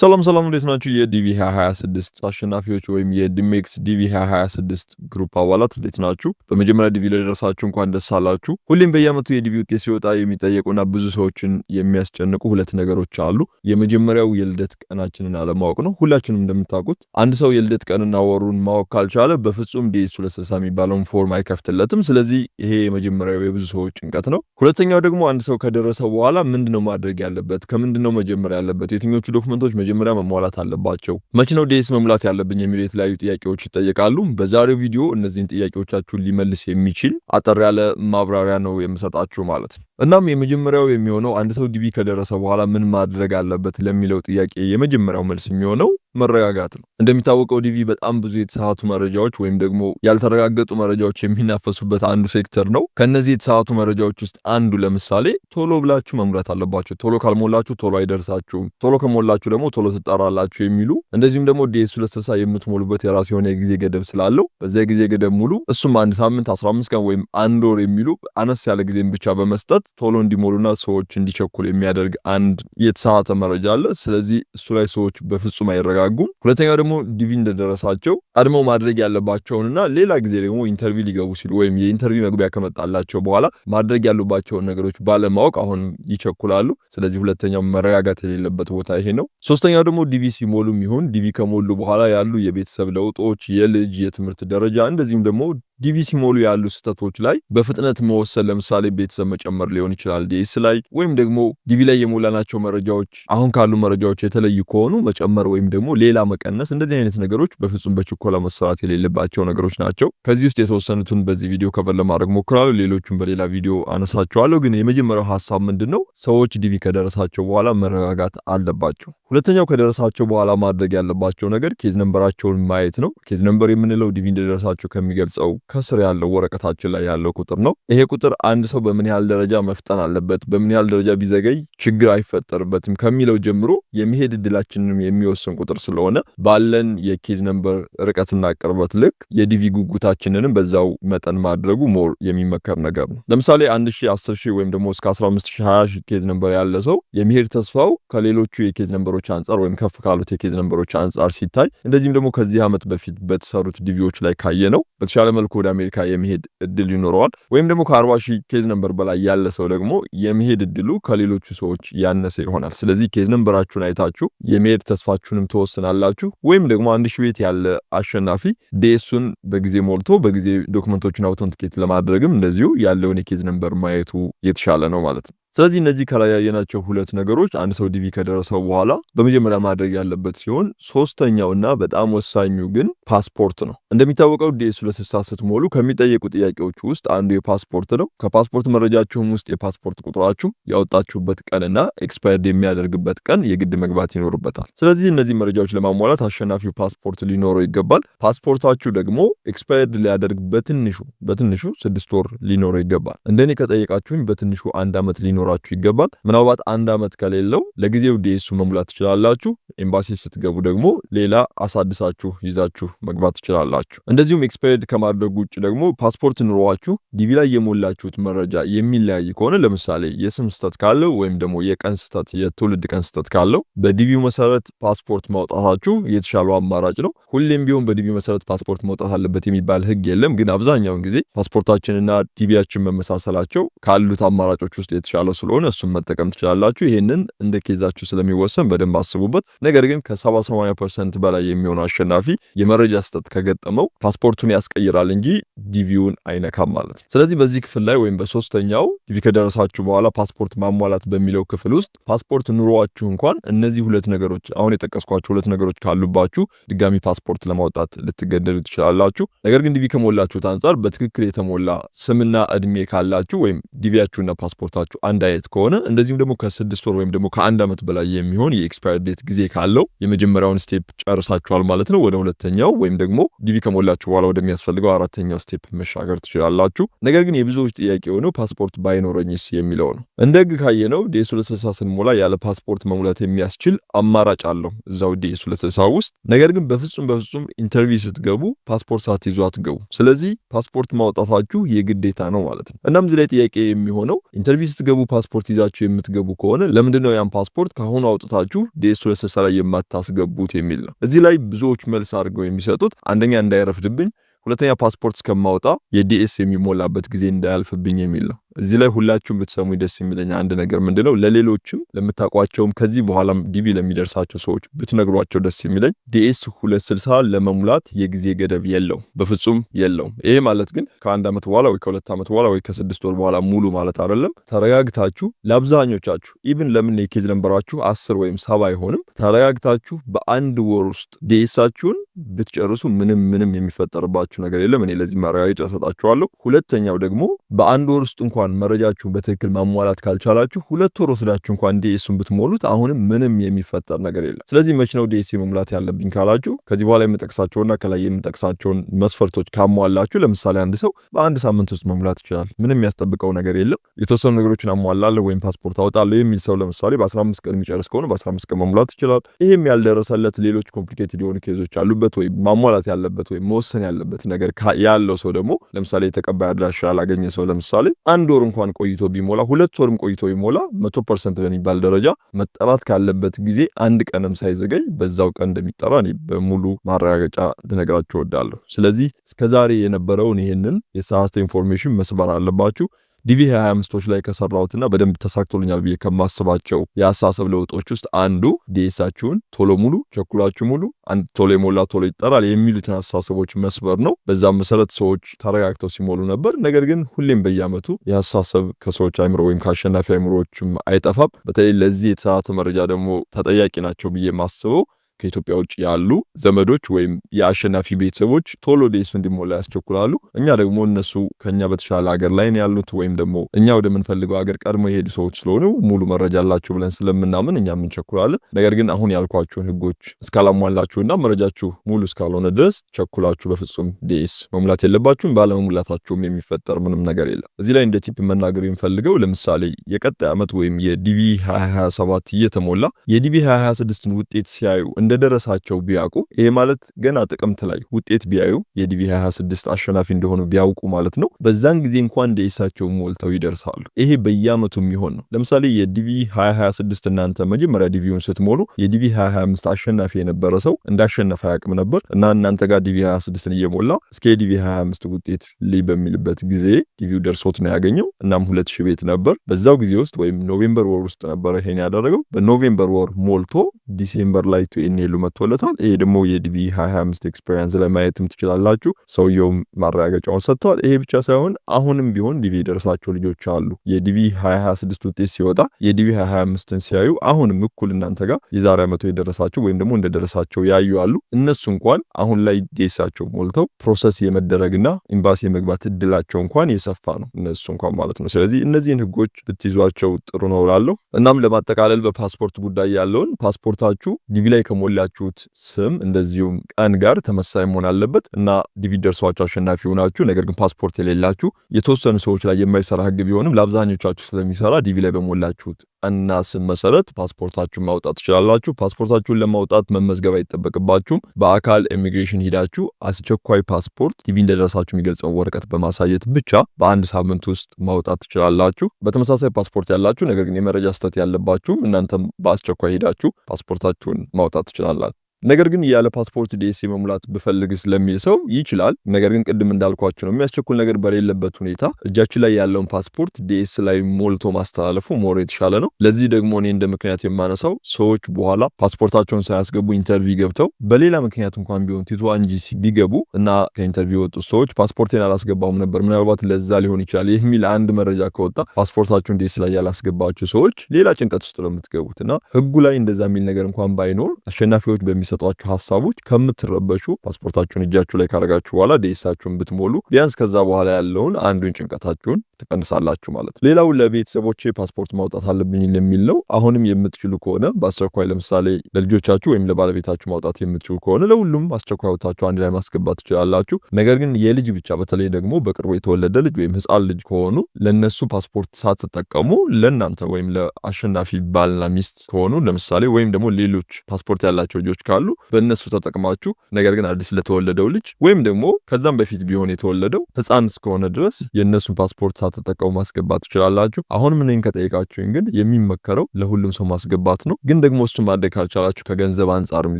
ሰላም ሰላም እንዴት ናችሁ? የዲቪ 2026 አሸናፊዎች ወይም የዲሜክስ ዲቪ 2026 ግሩፕ አባላት እንዴት ናችሁ? በመጀመሪያ ዲቪ ለደረሳችሁ እንኳን ደስ አላችሁ። ሁሌም በየዓመቱ የዲቪ ውጤት ሲወጣ የሚጠየቁና ብዙ ሰዎችን የሚያስጨንቁ ሁለት ነገሮች አሉ። የመጀመሪያው የልደት ቀናችንን አለማወቅ ነው። ሁላችንም እንደምታውቁት አንድ ሰው የልደት ቀንና ወሩን ማወቅ ካልቻለ በፍጹም ዲኤስ 260 የሚባለውን ፎርም አይከፍትለትም። ስለዚህ ይሄ የመጀመሪያው የብዙ ሰዎች ጭንቀት ነው። ሁለተኛው ደግሞ አንድ ሰው ከደረሰው በኋላ ምንድነው ማድረግ ያለበት? ከምንድነው መጀመር ያለበት? የትኞቹ ዶክመንቶች መጀመሪያ መሟላት አለባቸው? መች ነው ዴስ መሙላት ያለብኝ የሚሉ የተለያዩ ጥያቄዎች ይጠየቃሉ። በዛሬው ቪዲዮ እነዚህን ጥያቄዎቻችሁን ሊመልስ የሚችል አጠር ያለ ማብራሪያ ነው የምሰጣችሁ ማለት ነው። እናም የመጀመሪያው የሚሆነው አንድ ሰው ዲቢ ከደረሰ በኋላ ምን ማድረግ አለበት ለሚለው ጥያቄ የመጀመሪያው መልስ የሚሆነው መረጋጋት ነው። እንደሚታወቀው ዲቪ በጣም ብዙ የተሳሳቱ መረጃዎች ወይም ደግሞ ያልተረጋገጡ መረጃዎች የሚናፈሱበት አንዱ ሴክተር ነው። ከነዚህ የተሳሳቱ መረጃዎች ውስጥ አንዱ ለምሳሌ ቶሎ ብላችሁ መምራት አለባችሁ፣ ቶሎ ካልሞላችሁ ቶሎ አይደርሳችሁም፣ ቶሎ ከሞላችሁ ደግሞ ቶሎ ትጠራላችሁ የሚሉ እንደዚሁም ደግሞ ዲኤስ ለስተሳ የምትሞሉበት የራሱ የሆነ የጊዜ ገደብ ስላለው በዚያ ጊዜ ገደብ ሙሉ እሱም አንድ ሳምንት 15 ቀን ወይም አንድ ወር የሚሉ አነስ ያለ ጊዜን ብቻ በመስጠት ቶሎ እንዲሞሉና ሰዎች እንዲቸኩል የሚያደርግ አንድ የተሳሳተ መረጃ አለ። ስለዚህ እሱ ላይ ሰዎች በፍጹም አይረጋ እንዲረጋጉም፣ ሁለተኛው ደግሞ ዲቪ እንደደረሳቸው ቀድመው ማድረግ ያለባቸውንና ሌላ ጊዜ ደግሞ ኢንተርቪው ሊገቡ ሲሉ ወይም የኢንተርቪው መግቢያ ከመጣላቸው በኋላ ማድረግ ያሉባቸውን ነገሮች ባለማወቅ አሁን ይቸኩላሉ። ስለዚህ ሁለተኛው መረጋጋት የሌለበት ቦታ ይሄ ነው። ሶስተኛው ደግሞ ዲቪ ሲሞሉም ይሁን ዲቪ ከሞሉ በኋላ ያሉ የቤተሰብ ለውጦች፣ የልጅ የትምህርት ደረጃ እንደዚሁም ደግሞ ዲቪ ሲሞሉ ያሉ ስህተቶች ላይ በፍጥነት መወሰን፣ ለምሳሌ ቤተሰብ መጨመር ሊሆን ይችላል ዲኤስ ላይ ወይም ደግሞ ዲቪ ላይ የሞላናቸው መረጃዎች አሁን ካሉ መረጃዎች የተለዩ ከሆኑ መጨመር ወይም ደግሞ ሌላ መቀነስ፣ እንደዚህ አይነት ነገሮች በፍጹም በችኮላ መሰራት የሌለባቸው ነገሮች ናቸው። ከዚህ ውስጥ የተወሰኑትን በዚህ ቪዲዮ ከቨር ለማድረግ ሞክራለሁ። ሌሎቹን በሌላ ቪዲዮ አነሳቸዋለሁ። ግን የመጀመሪያው ሀሳብ ምንድን ነው? ሰዎች ዲቪ ከደረሳቸው በኋላ መረጋጋት አለባቸው። ሁለተኛው ከደረሳቸው በኋላ ማድረግ ያለባቸው ነገር ኬዝ ነንበራቸውን ማየት ነው። ኬዝ ነንበር የምንለው ዲቪ እንደደረሳቸው ከሚገልጸው ከስር ያለው ወረቀታችን ላይ ያለው ቁጥር ነው። ይሄ ቁጥር አንድ ሰው በምን ያህል ደረጃ መፍጠን አለበት፣ በምን ያህል ደረጃ ቢዘገይ ችግር አይፈጠርበትም ከሚለው ጀምሮ የመሄድ እድላችንንም የሚወስን ቁጥር ስለሆነ ባለን የኬዝ ነምበር ርቀትና ቅርበት ልክ የዲቪ ጉጉታችንንም በዛው መጠን ማድረጉ ሞር የሚመከር ነገር ነው። ለምሳሌ 1 10 ሺ ወይም ደግሞ እስከ 15020 ኬዝ ነምበር ያለ ሰው የመሄድ ተስፋው ከሌሎቹ የኬዝ ነምበሮች አንጻር ወይም ከፍ ካሉት የኬዝ ነምበሮች አንጻር ሲታይ እንደዚህም ደግሞ ከዚህ ዓመት በፊት በተሰሩት ዲቪዎች ላይ ካየ ነው በተሻለ መልኩ ወደ አሜሪካ የመሄድ እድል ይኖረዋል። ወይም ደግሞ ከአርባ ሺህ ኬዝ ነንበር በላይ ያለ ሰው ደግሞ የመሄድ እድሉ ከሌሎቹ ሰዎች ያነሰ ይሆናል። ስለዚህ ኬዝ ነንበራችሁን አይታችሁ የመሄድ ተስፋችሁንም ትወስናላችሁ። ወይም ደግሞ አንድ ሺህ ቤት ያለ አሸናፊ ዴሱን በጊዜ ሞልቶ በጊዜ ዶክመንቶችን አውቶንቲኬት ለማድረግም እንደዚሁ ያለውን የኬዝ ነንበር ማየቱ የተሻለ ነው ማለት ነው። ስለዚህ እነዚህ ከላይ ያየናቸው ሁለት ነገሮች አንድ ሰው ዲቪ ከደረሰው በኋላ በመጀመሪያ ማድረግ ያለበት ሲሆን ሶስተኛው እና በጣም ወሳኙ ግን ፓስፖርት ነው። እንደሚታወቀው ዲኤስ ሁለት ስልሳ ስትሞሉ ከሚጠየቁ ጥያቄዎች ውስጥ አንዱ የፓስፖርት ነው። ከፓስፖርት መረጃችሁም ውስጥ የፓስፖርት ቁጥራችሁ ያወጣችሁበት ቀንና ኤክስፓየርድ የሚያደርግበት ቀን የግድ መግባት ይኖርበታል። ስለዚህ እነዚህ መረጃዎች ለማሟላት አሸናፊው ፓስፖርት ሊኖረው ይገባል። ፓስፖርታችሁ ደግሞ ኤክስፓየርድ ሊያደርግ በትንሹ በትንሹ ስድስት ወር ሊኖረው ይገባል። እንደኔ ከጠየቃችሁኝ በትንሹ አንድ ዓመት ሊኖ ሊኖራችሁ ይገባል። ምናልባት አንድ ዓመት ከሌለው ለጊዜው ዲኤሱ መሙላት ትችላላችሁ። ኤምባሲ ስትገቡ ደግሞ ሌላ አሳድሳችሁ ይዛችሁ መግባት ትችላላችሁ። እንደዚሁም ኤክስፐሪድ ከማድረጉ ውጭ ደግሞ ፓስፖርት ኑሯችሁ ዲቪ ላይ የሞላችሁት መረጃ የሚለያይ ከሆነ ለምሳሌ የስም ስህተት ካለው ወይም ደግሞ የቀን ስህተት የትውልድ ቀን ስህተት ካለው በዲቪው መሰረት ፓስፖርት ማውጣታችሁ የተሻለው አማራጭ ነው። ሁሌም ቢሆን በዲቪ መሰረት ፓስፖርት መውጣት አለበት የሚባል ህግ የለም። ግን አብዛኛውን ጊዜ ፓስፖርታችንና ዲቪያችን መመሳሰላቸው ካሉት አማራጮች ውስጥ የተሻለው ስለሆነ እሱን መጠቀም ትችላላችሁ። ይህንን እንደ ኬዛችሁ ስለሚወሰን በደንብ አስቡበት። ነገር ግን ከ78 ፐርሰንት በላይ የሚሆነው አሸናፊ የመረጃ ስጠት ከገጠመው ፓስፖርቱን ያስቀይራል እንጂ ዲቪውን አይነካም ማለት ነው። ስለዚህ በዚህ ክፍል ላይ ወይም በሶስተኛው ዲቪ ከደረሳችሁ በኋላ ፓስፖርት ማሟላት በሚለው ክፍል ውስጥ ፓስፖርት ኑሯችሁ እንኳን እነዚህ ሁለት ነገሮች አሁን የጠቀስኳቸው ሁለት ነገሮች ካሉባችሁ ድጋሚ ፓስፖርት ለማውጣት ልትገደዱ ትችላላችሁ። ነገር ግን ዲቪ ከሞላችሁት አንጻር በትክክል የተሞላ ስምና እድሜ ካላችሁ ወይም ዲቪያችሁና ፓስፖርታችሁ አንድ ዳየት ከሆነ እንደዚሁም ደግሞ ከስድስት ወር ወይም ደግሞ ከአንድ ዓመት በላይ የሚሆን የኤክስፓየር ዴት ጊዜ ካለው የመጀመሪያውን ስቴፕ ጨርሳችኋል ማለት ነው። ወደ ሁለተኛው ወይም ደግሞ ዲቪ ከሞላችሁ በኋላ ወደሚያስፈልገው አራተኛው ስቴፕ መሻገር ትችላላችሁ። ነገር ግን የብዙዎች ጥያቄ የሆነው ፓስፖርት ባይኖረኝስ የሚለው ነው። እንደ ህግ ካየነው ዴስ 260 ስንሞላ ያለ ፓስፖርት መሙላት የሚያስችል አማራጭ አለው እዛው ዴስ 260 ውስጥ። ነገር ግን በፍጹም በፍጹም ኢንተርቪው ስትገቡ ፓስፖርት ሳትይዙ አትገቡ። ስለዚህ ፓስፖርት ማውጣታችሁ የግዴታ ነው ማለት ነው። እናም እዚህ ላይ ጥያቄ የሚሆነው ኢንተርቪው ስትገቡ ፓስፖርት ይዛችሁ የምትገቡ ከሆነ ለምንድነው ያን ፓስፖርት ከአሁኑ አውጥታችሁ ዲኤስ ለሰሳ ላይ የማታስገቡት የሚል ነው። እዚህ ላይ ብዙዎች መልስ አድርገው የሚሰጡት አንደኛ እንዳይረፍድብኝ፣ ሁለተኛ ፓስፖርት እስከማውጣ የዲኤስ የሚሞላበት ጊዜ እንዳያልፍብኝ የሚል ነው። እዚህ ላይ ሁላችሁም ብትሰሙ ደስ የሚለኝ አንድ ነገር ምንድነው፣ ለሌሎችም ለምታውቋቸውም ከዚህ በኋላም ዲቪ ለሚደርሳቸው ሰዎች ብትነግሯቸው ደስ የሚለኝ ዲኤስ 260 ለመሙላት የጊዜ ገደብ የለው፣ በፍጹም የለውም። ይሄ ማለት ግን ከአንድ ዓመት በኋላ ወይ ከሁለት ዓመት በኋላ ወይ ከስድስት ወር በኋላ ሙሉ ማለት አይደለም። ተረጋግታችሁ ለአብዛኞቻችሁ ኢቭን ለምን የኬዝ ነንበራችሁ አስር ወይም ሰባ አይሆንም፣ ተረጋግታችሁ በአንድ ወር ውስጥ ዲኤሳችሁን ብትጨርሱ ምንም ምንም የሚፈጠርባችሁ ነገር የለም። እኔ ለዚህ ማረጋገጫ እሰጣችኋለሁ። ሁለተኛው ደግሞ በአንድ ወር ውስጥ እንኳን እንኳን መረጃችሁን በትክክል ማሟላት ካልቻላችሁ ሁለት ወር ወስዳችሁ እንኳን ዲኤሱን ብትሞሉት አሁንም ምንም የሚፈጠር ነገር የለም። ስለዚህ መች ነው ዲኤሲ መሙላት ያለብኝ ካላችሁ ከዚህ በኋላ የምጠቅሳቸውና ከላይ የምጠቅሳቸውን መስፈርቶች ካሟላችሁ ለምሳሌ አንድ ሰው በአንድ ሳምንት ውስጥ መሙላት ይችላል። ምንም የሚያስጠብቀው ነገር የለም። የተወሰኑ ነገሮችን አሟላለሁ ወይም ፓስፖርት አወጣለሁ የሚል ሰው ለምሳሌ በ15 ቀን የሚጨርስ ከሆነ በ15 ቀን መሙላት ይችላል። ይህም ያልደረሰለት ሌሎች ኮምፕሊኬትድ የሆኑ ኬዞች አሉበት ወይም ማሟላት ያለበት ወይም መወሰን ያለበት ነገር ያለው ሰው ደግሞ ለምሳሌ የተቀባይ አድራሻ ያላገኘ ሰው ለምሳሌ አንድ ወር እንኳን ቆይቶ ቢሞላ ሁለት ወርም ቆይቶ ቢሞላ መቶ ፐርሰንት በሚባል ደረጃ መጠራት ካለበት ጊዜ አንድ ቀንም ሳይዘገይ በዛው ቀን እንደሚጠራ እኔ በሙሉ ማረጋገጫ ልነግራችሁ እወዳለሁ። ስለዚህ እስከዛሬ የነበረውን ይህንን የሰዓት ኢንፎርሜሽን መስበር አለባችሁ። ዲቪ 25ቶች ላይ ከሰራሁትና በደንብ ተሳክቶልኛል ብዬ ከማስባቸው የአሳሰብ ለውጦች ውስጥ አንዱ ዲኤሳችሁን ቶሎ ሙሉ፣ ቸኩላችሁ ሙሉ፣ አንድ ቶሎ የሞላ ቶሎ ይጠራል የሚሉትን አስተሳሰቦች መስበር ነው። በዛም መሰረት ሰዎች ተረጋግተው ሲሞሉ ነበር። ነገር ግን ሁሌም በየአመቱ የአስተሳሰብ ከሰዎች አይምሮ ወይም ከአሸናፊ አይምሮዎችም አይጠፋም። በተለይ ለዚህ የተሳሳተ መረጃ ደግሞ ተጠያቂ ናቸው ብዬ ማስበው ከኢትዮጵያ ውጭ ያሉ ዘመዶች ወይም የአሸናፊ ቤተሰቦች ቶሎ ዴሱ እንዲሞላ ያስቸኩላሉ። እኛ ደግሞ እነሱ ከኛ በተሻለ ሀገር ላይ ነው ያሉት ወይም ደግሞ እኛ ወደምንፈልገው ሀገር ቀድሞ የሄዱ ሰዎች ስለሆኑ ሙሉ መረጃ አላቸው ብለን ስለምናምን እኛም እንቸኩላለን። ነገር ግን አሁን ያልኳቸውን ህጎች እስካላሟላችሁና መረጃችሁ ሙሉ እስካልሆነ ድረስ ቸኩላችሁ በፍጹም ዴስ መሙላት የለባችሁም። ባለመሙላታችሁም የሚፈጠር ምንም ነገር የለም። እዚህ ላይ እንደ ቲፕ መናገር የምፈልገው ለምሳሌ የቀጣይ ዓመት ወይም የዲቪ 2027 እየተሞላ የዲቪ 2026ን ውጤት ሲያዩ እንደደረሳቸው ቢያውቁ ይሄ ማለት ገና ጥቅምት ላይ ውጤት ቢያዩ የዲቪ 26 አሸናፊ እንደሆኑ ቢያውቁ ማለት ነው። በዛን ጊዜ እንኳን ደኢሳቸው ሞልተው ይደርሳሉ። ይሄ በየአመቱ የሚሆን ነው። ለምሳሌ የዲቪ 2026 እናንተ መጀመሪያ ዲቪውን ስትሞሉ የዲቪ 25 አሸናፊ የነበረ ሰው እንዳሸነፈ አያውቅም ነበር እና እናንተ ጋር ዲቪ 26ን እየሞላ እስከ የዲቪ 25 ውጤት ላይ በሚልበት ጊዜ ዲቪው ደርሶት ነው ያገኘው። እናም ሁለት ቤት ነበር በዛው ጊዜ ውስጥ ወይም ኖቬምበር ወር ውስጥ ነበረ ይሄን ያደረገው። በኖቬምበር ወር ሞልቶ ዲሴምበር ላይ ኔሉ መጥቶለታል። ይሄ ደግሞ የዲቪ 25 ኤክስፔሪንስ ላይ ማየትም ትችላላችሁ። ሰውየውም ማረጋገጫውን ሰጥተዋል። ይሄ ብቻ ሳይሆን አሁንም ቢሆን ዲቪ የደረሳቸው ልጆች አሉ። የዲቪ 2026 ውጤት ሲወጣ የዲቪ 2025ን ሲያዩ አሁንም እኩል እናንተ ጋር የዛሬ ዓመቱ የደረሳቸው ወይም ደግሞ እንደደረሳቸው ያዩ አሉ። እነሱ እንኳን አሁን ላይ ዴሳቸው ሞልተው ፕሮሰስ የመደረግና ኤምባሲ የመግባት እድላቸው እንኳን የሰፋ ነው እነሱ እንኳን ማለት ነው። ስለዚህ እነዚህን ህጎች ብትይዟቸው ጥሩ ነው እላለሁ። እናም ለማጠቃለል በፓስፖርት ጉዳይ ያለውን ፓስፖርታችሁ ዲቪ ላይ ከሞ ከሞላችሁት ስም እንደዚሁም ቀን ጋር ተመሳሳይ መሆን አለበት እና ዲቪ ደርሷችሁ አሸናፊ ሆናችሁ ነገር ግን ፓስፖርት የሌላችሁ የተወሰኑ ሰዎች ላይ የማይሰራ ህግ ቢሆንም ለአብዛኞቻችሁ ስለሚሰራ ዲቪ ላይ በሞላችሁት እና ስም መሰረት ፓስፖርታችሁን ማውጣት ትችላላችሁ። ፓስፖርታችሁን ለማውጣት መመዝገብ አይጠበቅባችሁም። በአካል ኢሚግሬሽን ሂዳችሁ አስቸኳይ ፓስፖርት ዲቪ እንደደረሳችሁ የሚገልጸውን ወረቀት በማሳየት ብቻ በአንድ ሳምንት ውስጥ ማውጣት ትችላላችሁ። በተመሳሳይ ፓስፖርት ያላችሁ ነገር ግን የመረጃ ስህተት ያለባችሁም እናንተም በአስቸኳይ ሂዳችሁ ፓስፖርታችሁን ማውጣት Hoşçakalın. ነገር ግን ያለ ፓስፖርት ዲኤስሲ መሙላት ብፈልግ ስለሚል ሰው ይችላል። ነገር ግን ቅድም እንዳልኳችሁ ነው የሚያስቸኩል ነገር በሌለበት ሁኔታ እጃችን ላይ ያለውን ፓስፖርት ዲኤስ ላይ ሞልቶ ማስተላለፉ ሞር የተሻለ ነው። ለዚህ ደግሞ እኔ እንደ ምክንያት የማነሳው ሰዎች በኋላ ፓስፖርታቸውን ሳያስገቡ ኢንተርቪው ገብተው በሌላ ምክንያት እንኳን ቢሆን ቲቶ አንጂሲ ቢገቡ እና ከኢንተርቪው የወጡ ሰዎች ፓስፖርቴን አላስገባሁም ነበር ምናልባት ለዛ ሊሆን ይችላል የሚል አንድ መረጃ ከወጣ ፓስፖርታቸውን ዲኤስ ላይ ያላስገባችሁ ሰዎች ሌላ ጭንቀት ውስጥ ነው የምትገቡት እና ህጉ ላይ እንደዛ የሚል ነገር እንኳን ባይኖር አሸናፊዎች በሚ በሚሰጧችሁ ሀሳቦች ከምትረበሹ ፓስፖርታችሁን እጃችሁ ላይ ካረጋችሁ በኋላ ደሳችሁን ብትሞሉ ቢያንስ ከዛ በኋላ ያለውን አንዱን ጭንቀታችሁን ትቀንሳላችሁ ማለት ነው። ሌላው ለቤተሰቦቼ ፓስፖርት ማውጣት አለብኝ የሚል ነው። አሁንም የምትችሉ ከሆነ በአስቸኳይ ለምሳሌ ለልጆቻችሁ ወይም ለባለቤታችሁ ማውጣት የምትችሉ ከሆነ ለሁሉም አስቸኳይ ወታችሁ አንድ ላይ ማስገባት ትችላላችሁ። ነገር ግን የልጅ ብቻ በተለይ ደግሞ በቅርቡ የተወለደ ልጅ ወይም ህፃን ልጅ ከሆኑ ለነሱ ፓስፖርት ሳትጠቀሙ ለእናንተ ወይም ለአሸናፊ ባልና ሚስት ከሆኑ ለምሳሌ ወይም ደግሞ ሌሎች ፓስፖርት ያላቸው ልጆች ካሉ በእነሱ ተጠቅማችሁ ነገር ግን አዲስ ለተወለደው ልጅ ወይም ደግሞ ከዛም በፊት ቢሆን የተወለደው ህፃን እስከሆነ ድረስ የእነሱን ፓስፖርት ሳትጠቀሙ ማስገባት ትችላላችሁ። አሁንም እኔን ከጠየቃችሁኝ ግን የሚመከረው ለሁሉም ሰው ማስገባት ነው። ግን ደግሞ እሱ ማድረግ ካልቻላችሁ ከገንዘብ አንጻርም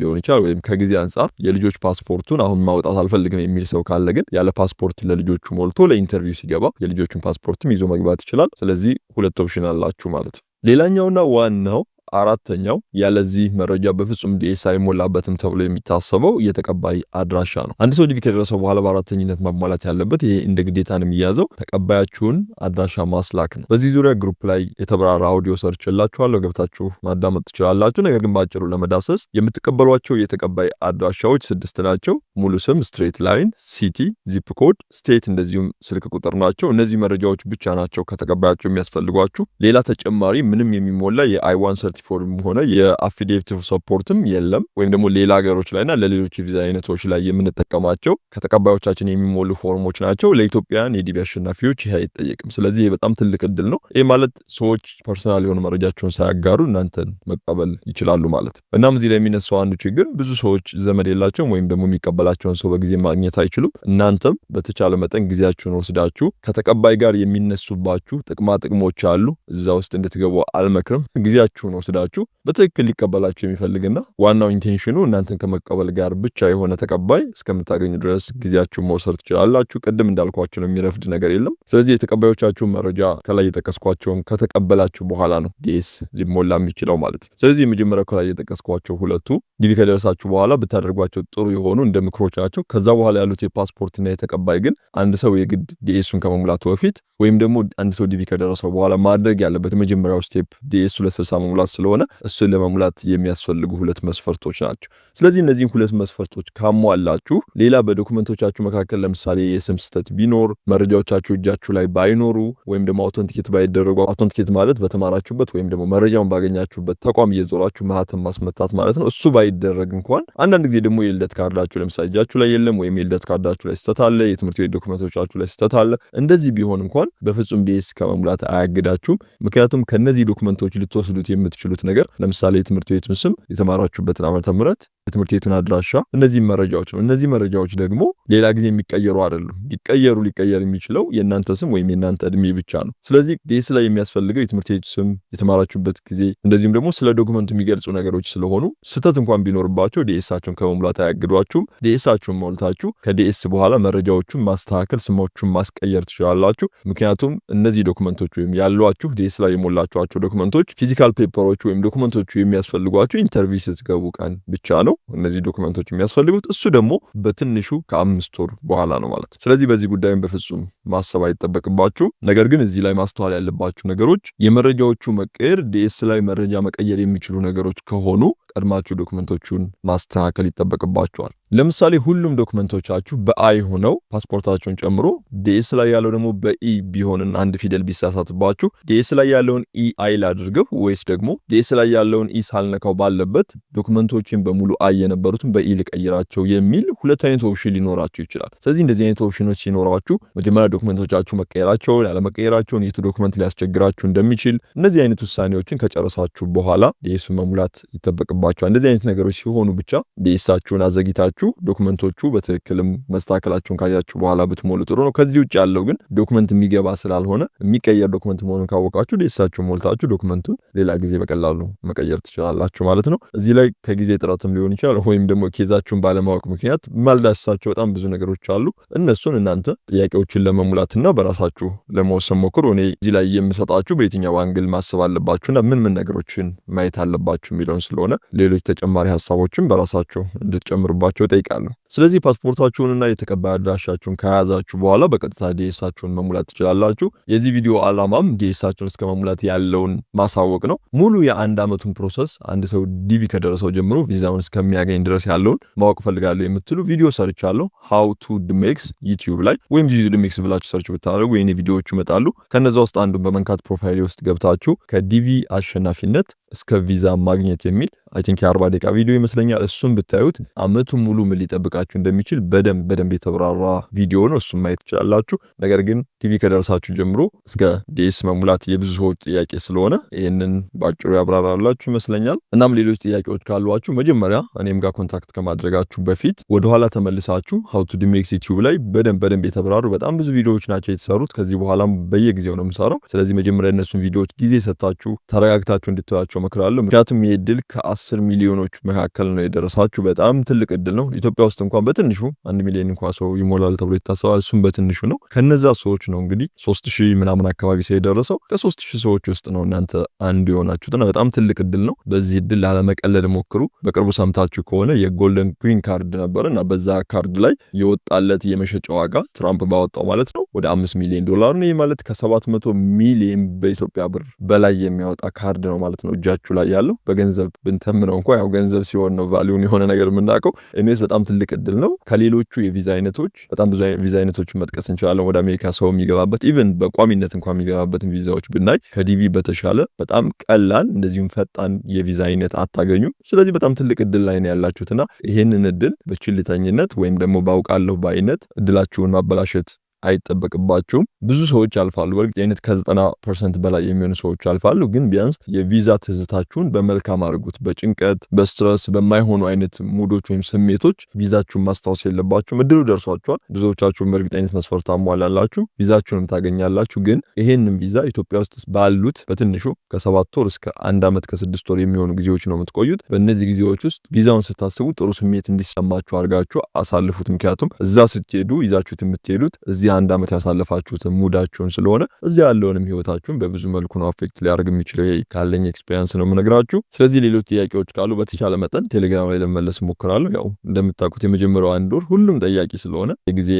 ሊሆን ይችላል ወይም ከጊዜ አንጻር የልጆች ፓስፖርቱን አሁን ማውጣት አልፈልግም የሚል ሰው ካለ ግን ያለ ፓስፖርት ለልጆቹ ሞልቶ ለኢንተርቪው ሲገባ የልጆቹን ፓስፖርትም ይዞ መግባት ይችላል። ስለዚህ ሁለት ኦፕሽን አላችሁ ማለት ነው። ሌላኛውና ዋናው አራተኛው ያለዚህ መረጃ በፍጹም ዲኤስ አይሞላበትም ተብሎ የሚታሰበው የተቀባይ አድራሻ ነው። አንድ ሰው ዲቪ ከደረሰው በኋላ በአራተኝነት ማሟላት ያለበት ይሄ እንደ ግዴታ ነው የሚያዘው ተቀባያችሁን አድራሻ ማስላክ ነው። በዚህ ዙሪያ ግሩፕ ላይ የተብራራ አውዲዮ ሰርችላችኋለሁ፣ ገብታችሁ ማዳመጥ ትችላላችሁ። ነገር ግን በአጭሩ ለመዳሰስ የምትቀበሏቸው የተቀባይ አድራሻዎች ስድስት ናቸው። ሙሉ ስም፣ ስትሬት ላይን፣ ሲቲ፣ ዚፕ ኮድ፣ ስቴት እንደዚሁም ስልክ ቁጥር ናቸው። እነዚህ መረጃዎች ብቻ ናቸው ከተቀባያቸው የሚያስፈልጓችሁ። ሌላ ተጨማሪ ምንም የሚሞላ የአይዋን ሰርት ፕላትፎርም ሆነ የአፊሊየቲቭ ሰፖርትም የለም። ወይም ደግሞ ሌላ ሀገሮች ላይና ለሌሎች የቪዛ አይነቶች ላይ የምንጠቀማቸው ከተቀባዮቻችን የሚሞሉ ፎርሞች ናቸው። ለኢትዮጵያውያን የዲቢ አሸናፊዎች ይህ አይጠየቅም። ስለዚህ በጣም ትልቅ እድል ነው። ይህ ማለት ሰዎች ፐርሰናል የሆኑ መረጃቸውን ሳያጋሩ እናንተን መቀበል ይችላሉ ማለት እናም እዚህ ላይ የሚነሳው አንዱ ችግር ብዙ ሰዎች ዘመድ የላቸውም ወይም ደግሞ የሚቀበላቸውን ሰው በጊዜ ማግኘት አይችሉም። እናንተም በተቻለ መጠን ጊዜያችሁን ወስዳችሁ ከተቀባይ ጋር የሚነሱባችሁ ጥቅማ ጥቅሞች አሉ። እዛ ውስጥ እንድትገቡ አልመክርም። ጊዜያችሁን ወስዳችሁ በትክክል ሊቀበላችሁ የሚፈልግና ዋናው ኢንቴንሽኑ እናንተን ከመቀበል ጋር ብቻ የሆነ ተቀባይ እስከምታገኙ ድረስ ጊዜያችሁ መውሰድ ትችላላችሁ። ቅድም እንዳልኳችሁ ነው፣ የሚረፍድ ነገር የለም። ስለዚህ የተቀባዮቻችሁን መረጃ ከላይ የጠቀስኳቸውን ከተቀበላችሁ በኋላ ነው ዲኤስ ሊሞላ የሚችለው ማለት ስለዚህ የመጀመሪያው ከላይ የጠቀስኳቸው ሁለቱ ዲቪ ከደረሳችሁ በኋላ ብታደርጓቸው ጥሩ የሆኑ እንደ ምክሮች ናቸው። ከዛ በኋላ ያሉት የፓስፖርትና የተቀባይ ግን አንድ ሰው የግድ ዲኤሱን ከመሙላቱ በፊት ወይም ደግሞ አንድ ሰው ዲቪ ከደረሰው በኋላ ማድረግ ያለበት የመጀመሪያው ስቴፕ ዲኤሱ ለስልሳ መሙላት ስለሆነ እሱን ለመሙላት የሚያስፈልጉ ሁለት መስፈርቶች ናቸው። ስለዚህ እነዚህን ሁለት መስፈርቶች ካሟላችሁ ሌላ በዶኩመንቶቻችሁ መካከል ለምሳሌ የስም ስህተት ቢኖር፣ መረጃዎቻችሁ እጃችሁ ላይ ባይኖሩ ወይም ደግሞ አውቶንቲኬት ባይደረጉ፣ አውቶንቲኬት ማለት በተማራችሁበት ወይም ደግሞ መረጃውን ባገኛችሁበት ተቋም እየዞራችሁ ማህተም ማስመታት ማለት ነው። እሱ ባይደረግ እንኳን አንዳንድ ጊዜ ደግሞ የልደት ካርዳችሁ ለምሳሌ እጃችሁ ላይ የለም ወይም የልደት ካርዳችሁ ላይ ስህተት አለ፣ የትምህርት ቤት ዶኩመንቶቻችሁ ላይ ስህተት አለ። እንደዚህ ቢሆን እንኳን በፍጹም ቤስ ከመሙላት አያግዳችሁም። ምክንያቱም ከነዚህ ዶኩመንቶች ልትወስዱት የምትችሉ የምትችሉት ነገር ለምሳሌ የትምህርት ቤቱን ስም የተማራችሁበትን ዓመተ የትምህርት ቤቱን አድራሻ፣ እነዚህ መረጃዎች ነው። እነዚህ መረጃዎች ደግሞ ሌላ ጊዜ የሚቀየሩ አይደሉም። ሊቀየሩ ሊቀየር የሚችለው የእናንተ ስም ወይም የእናንተ እድሜ ብቻ ነው። ስለዚህ ዴስ ላይ የሚያስፈልገው የትምህርት ቤቱ ስም፣ የተማራችሁበት ጊዜ፣ እንደዚሁም ደግሞ ስለ ዶክመንቱ የሚገልጹ ነገሮች ስለሆኑ ስህተት እንኳን ቢኖርባቸው ዴኤሳቸውን ከመሙላት አያግዷችሁም። ዴኤሳችሁን ሞልታችሁ ከዴኤስ በኋላ መረጃዎቹን ማስተካከል፣ ስሞቹን ማስቀየር ትችላላችሁ። ምክንያቱም እነዚህ ዶክመንቶች ወይም ያሏችሁ ዴኤስ ላይ የሞላችኋቸው ዶክመንቶች ፊዚካል ፔፐሮች ወይም ዶክመንቶቹ የሚያስፈልጓችሁ ኢንተርቪው ስትገቡ ቀን ብቻ ነው። እነዚህ ዶክመንቶች የሚያስፈልጉት። እሱ ደግሞ በትንሹ ከአምስት ወር በኋላ ነው ማለት ነው። ስለዚህ በዚህ ጉዳይም በፍጹም ማሰብ አይጠበቅባችሁ። ነገር ግን እዚህ ላይ ማስተዋል ያለባችሁ ነገሮች የመረጃዎቹ መቀየር ዲኤስ ላይ መረጃ መቀየር የሚችሉ ነገሮች ከሆኑ ቀድማችሁ ዶክመንቶቹን ማስተካከል ይጠበቅባችኋል። ለምሳሌ ሁሉም ዶክመንቶቻችሁ በአይ ሆነው ፓስፖርታችሁን ጨምሮ ዲኤስ ላይ ያለው ደግሞ በኢ ቢሆንና አንድ ፊደል ቢሳሳትባችሁ ዲኤስ ላይ ያለውን ኢ አይ ላድርገው ወይስ ደግሞ ዲኤስ ላይ ያለውን ኢ ሳልነካው ባለበት ዶክመንቶችን በሙሉ አይ የነበሩትን በኢ ልቀይራቸው የሚል ሁለት አይነት ኦፕሽን ሊኖራችሁ ይችላል። ስለዚህ እንደዚህ አይነት ኦፕሽኖች ሲኖራችሁ መጀመሪያ ዶክመንቶቻችሁ መቀየራቸውን ያለመቀየራቸውን፣ የቱ ዶክመንት ሊያስቸግራችሁ እንደሚችል እነዚህ አይነት ውሳኔዎችን ከጨረሳችሁ በኋላ ዲኤሱን መሙላት ይጠበቅባቸዋል። እንደዚህ አይነት ነገሮች ሲሆኑ ብቻ ዲኤሳችሁን አዘግይታችሁ ካላችሁ ዶክመንቶቹ በትክክልም መስተካከላቸውን ካያችሁ በኋላ ብትሞሉ ጥሩ ነው። ከዚህ ውጭ ያለው ግን ዶክመንት የሚገባ ስላልሆነ የሚቀየር ዶክመንት መሆኑን ካወቃችሁ ደሳችሁ ሞልታችሁ ዶክመንቱን ሌላ ጊዜ በቀላሉ መቀየር ትችላላችሁ ማለት ነው። እዚህ ላይ ከጊዜ ጥረትም ሊሆን ይችላል ወይም ደግሞ ኬዛችሁን ባለማወቅ ምክንያት ማልዳስሳቸው በጣም ብዙ ነገሮች አሉ። እነሱን እናንተ ጥያቄዎችን ለመሙላትና በራሳችሁ ለመወሰን ሞክሩ። እኔ እዚህ ላይ የምሰጣችሁ በየትኛው አንግል ማሰብ አለባችሁና ምን ምን ነገሮችን ማየት አለባችሁ የሚለውን ስለሆነ ሌሎች ተጨማሪ ሀሳቦችን በራሳችሁ እንድትጨምሩባቸው ይጠይቃሉ። ስለዚህ ፓስፖርታችሁንና የተቀባይ አድራሻችሁን ከያዛችሁ በኋላ በቀጥታ ዲኤሳችሁን መሙላት ትችላላችሁ። የዚህ ቪዲዮ ዓላማም ዲኤሳችሁን እስከ መሙላት ያለውን ማሳወቅ ነው። ሙሉ የአንድ ዓመቱን ፕሮሰስ አንድ ሰው ዲቪ ከደረሰው ጀምሮ ቪዛውን እስከሚያገኝ ድረስ ያለውን ማወቅ ፈልጋለሁ የምትሉ ቪዲዮ ሰርቻለሁ። ሃው ቱ ድሜክስ ዩቲዩብ ላይ ወይም ድሜክስ ብላችሁ ሰርች ብታደርጉ የኔ ቪዲዮዎቹ ይመጣሉ። ከነዛ ውስጥ አንዱን በመንካት ፕሮፋይል ውስጥ ገብታችሁ ከዲቪ አሸናፊነት እስከ ቪዛ ማግኘት የሚል አይ ቲንክ የአርባ ደቂቃ ቪዲዮ ይመስለኛል። እሱን ብታዩት አመቱን ሙሉ ምን ሊጠብቃችሁ እንደሚችል በደንብ በደንብ የተብራራ ቪዲዮ ነው። እሱን ማየት ትችላላችሁ። ነገር ግን ቲቪ ከደረሳችሁ ጀምሮ እስከ ዲኤስ መሙላት የብዙ ሰዎች ጥያቄ ስለሆነ ይህንን በአጭሩ ያብራራላችሁ ይመስለኛል። እናም ሌሎች ጥያቄዎች ካሏችሁ መጀመሪያ እኔም ጋር ኮንታክት ከማድረጋችሁ በፊት ወደኋላ ተመልሳችሁ ሀው ቱ ዲሜክስ ዩቲዩብ ላይ በደንብ በደንብ የተብራሩ በጣም ብዙ ቪዲዮዎች ናቸው የተሰሩት። ከዚህ በኋላም በየጊዜው ነው የምሰራው። ስለዚህ መጀመሪያ እነሱን ቪዲዮዎች ጊዜ ሰጥታችሁ ተረጋግታችሁ እንድትያቸው እመክራለሁ። ምክንያቱም ይህ ድል ከአስ አስር ሚሊዮኖች መካከል ነው የደረሳችሁ። በጣም ትልቅ እድል ነው። ኢትዮጵያ ውስጥ እንኳን በትንሹ አንድ ሚሊዮን እንኳ ሰው ይሞላል ተብሎ ይታሰባል። እሱም በትንሹ ነው። ከነዛ ሰዎች ነው እንግዲህ ሶስት ሺህ ምናምን አካባቢ ሰው የደረሰው። ከሶስት ሺህ ሰዎች ውስጥ ነው እናንተ አንዱ የሆናችሁትና በጣም ትልቅ እድል ነው። በዚህ እድል ላለመቀለድ ሞክሩ። በቅርቡ ሰምታችሁ ከሆነ የጎልደን ኩዊን ካርድ ነበር እና በዛ ካርድ ላይ የወጣለት የመሸጫ ዋጋ ትራምፕ ባወጣው ማለት ነው ወደ አምስት ሚሊዮን ዶላር ነው። ይህ ማለት ከሰባት መቶ ሚሊዮን በኢትዮጵያ ብር በላይ የሚያወጣ ካርድ ነው ማለት ነው እጃችሁ ላይ ያለው በገንዘብ ብንት ተምነው እንኳ ያው ገንዘብ ሲሆን ነው ቫሊውን የሆነ ነገር የምናውቀው። ኤኒዌይስ በጣም ትልቅ እድል ነው። ከሌሎቹ የቪዛ አይነቶች በጣም ብዙ ቪዛ አይነቶችን መጥቀስ እንችላለን። ወደ አሜሪካ ሰው የሚገባበት ኢቨን በቋሚነት እንኳ የሚገባበትን ቪዛዎች ብናይ ከዲቪ በተሻለ በጣም ቀላል እንደዚሁም ፈጣን የቪዛ አይነት አታገኙ። ስለዚህ በጣም ትልቅ እድል ላይ ነው ያላችሁትና ይህንን እድል በችልተኝነት ወይም ደግሞ ባውቃለሁ በአይነት እድላችሁን ማበላሸት አይጠበቅባቸውም። ብዙ ሰዎች ያልፋሉ። በእርግጥ አይነት ከዘጠና ፐርሰንት በላይ የሚሆኑ ሰዎች ያልፋሉ። ግን ቢያንስ የቪዛ ትዝታችሁን በመልካም አድርጉት። በጭንቀት በስትረስ በማይሆኑ አይነት ሙዶች ወይም ስሜቶች ቪዛችሁን ማስታወስ የለባችሁም። እድሉ ደርሷችኋል። ብዙዎቻችሁም በእርግጥ አይነት መስፈርት አሟላላችሁ፣ ቪዛችሁንም ታገኛላችሁ። ግን ይሄንን ቪዛ ኢትዮጵያ ውስጥ ባሉት በትንሹ ከሰባት ወር እስከ አንድ ዓመት ከስድስት ወር የሚሆኑ ጊዜዎች ነው የምትቆዩት። በእነዚህ ጊዜዎች ውስጥ ቪዛውን ስታስቡ ጥሩ ስሜት እንዲሰማችሁ አድርጋችሁ አሳልፉት። ምክንያቱም እዛ ስትሄዱ ይዛችሁት የምትሄዱት እዚህ አንድ ዓመት ያሳለፋችሁትን ሙዳችሁን ስለሆነ እዚ ያለውንም ህይወታችሁን በብዙ መልኩ ነው አፌክት ሊያደርግ የሚችለው ካለኝ ኤክስፔሪንስ ነው የምነግራችሁ። ስለዚህ ሌሎች ጥያቄዎች ካሉ በተቻለ መጠን ቴሌግራም ላይ ለመመለስ ሞክራለሁ። ያው እንደምታውቁት የመጀመሪያው አንድ ወር ሁሉም ጠያቂ ስለሆነ የጊዜ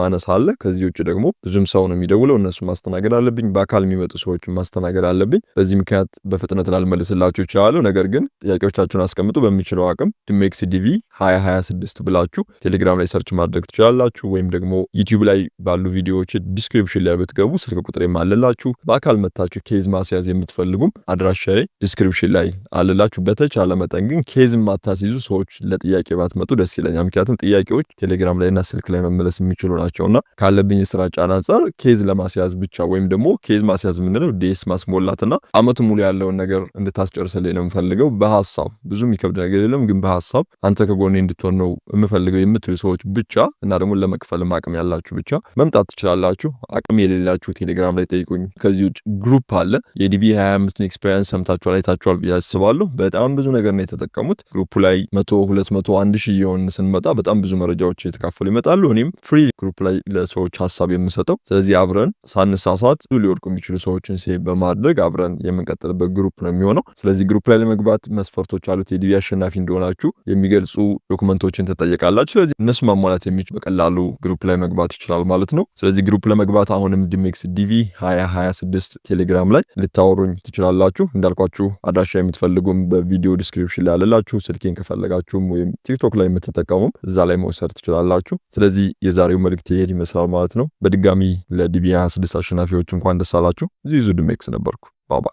ማነስ አለ። ከዚህ ውጭ ደግሞ ብዙም ሰው ነው የሚደውለው፣ እነሱ ማስተናገድ አለብኝ። በአካል የሚመጡ ሰዎች ማስተናገድ አለብኝ። በዚህ ምክንያት በፍጥነት ላልመልስላችሁ ይችላሉ። ነገር ግን ጥያቄዎቻችሁን አስቀምጡ። በሚችለው አቅም ድሜክስ ዲቪ 2026 ብላችሁ ቴሌግራም ላይ ሰርች ማድረግ ትችላላችሁ ወይም ደግሞ ዩቲዩብ ላይ ባሉ ቪዲዮዎች ዲስክሪፕሽን ላይ ብትገቡ ስልክ ቁጥር አለላችሁ። በአካል መታችሁ ኬዝ ማስያዝ የምትፈልጉም አድራሻዬ ዲስክሪፕሽን ላይ አለላችሁ። በተቻለ መጠን ግን ኬዝ ማታስይዙ ሰዎች ለጥያቄ ባትመጡ ደስ ይለኛል። ምክንያቱም ጥያቄዎች ቴሌግራም ላይና ስልክ ላይ መመለስ የሚችሉ እና ካለብኝ የስራ ጫና አንጻር ኬዝ ለማስያዝ ብቻ ወይም ደግሞ ኬዝ ማስያዝ የምንለው ዴስ ማስሞላትና አመቱ ሙሉ ያለውን ነገር እንድታስጨርስልኝ ነው የምፈልገው። በሀሳብ ብዙ የሚከብድ ነገር የለም፣ ግን በሀሳብ አንተ ከጎኔ እንድትሆን ነው የምፈልገው የምትሉ ሰዎች ብቻ እና ደግሞ ለመክፈል አቅም ያላችሁ ብቻ መምጣት ትችላላችሁ። አቅም የሌላችሁ ቴሌግራም ላይ ጠይቁኝ። ከዚህ ውጭ ግሩፕ አለ። የዲቪ 25ን ኤክስፔሪንስ ሰምታችኋል፣ አይታችኋል ብዬ አስባለሁ። በጣም ብዙ ነገር ነው የተጠቀሙት። ግሩፑ ላይ መቶ ሁለት መቶ አንድ ሺህ እየሆን ስንመጣ በጣም ብዙ መረጃዎች እየተካፈሉ ይመጣሉ። እኔም ፍሪ ግሩፕ ላይ ለሰዎች ሀሳብ የምሰጠው ስለዚህ አብረን ሳንሳሳት ብዙ ሊወድቁ የሚችሉ ሰዎችን ሴቭ በማድረግ አብረን የምንቀጥልበት ግሩፕ ነው የሚሆነው። ስለዚህ ግሩፕ ላይ ለመግባት መስፈርቶች አሉት። የዲቪ አሸናፊ እንደሆናችሁ የሚገልጹ ዶክመንቶችን ትጠየቃላችሁ። ስለዚህ እነሱ ማሟላት የሚችል በቀላሉ ግሩፕ ላይ መግባት ይችላል ማለት ነው። ነው። ስለዚህ ግሩፕ ለመግባት አሁንም ድሜክስ ዲቪ 2026 ቴሌግራም ላይ ልታወሩኝ ትችላላችሁ። እንዳልኳችሁ አድራሻ የምትፈልጉም በቪዲዮ ዲስክሪፕሽን ላይ አለላችሁ። ስልኬን ከፈለጋችሁም ወይም ቲክቶክ ላይ የምትጠቀሙም እዛ ላይ መውሰድ ትችላላችሁ። ስለዚህ የዛሬው መልእክት ይሄድ ይመስላል ማለት ነው። በድጋሚ ለዲቪ 26 አሸናፊዎች እንኳን ደስ አላችሁ። ዚዙ ድሜክስ ነበርኩ ባባ